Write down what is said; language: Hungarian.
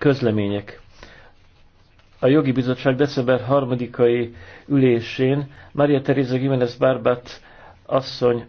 Közlemények. A jogi bizottság december 3-ai ülésén Maria Teresa Jiménez Barbat asszony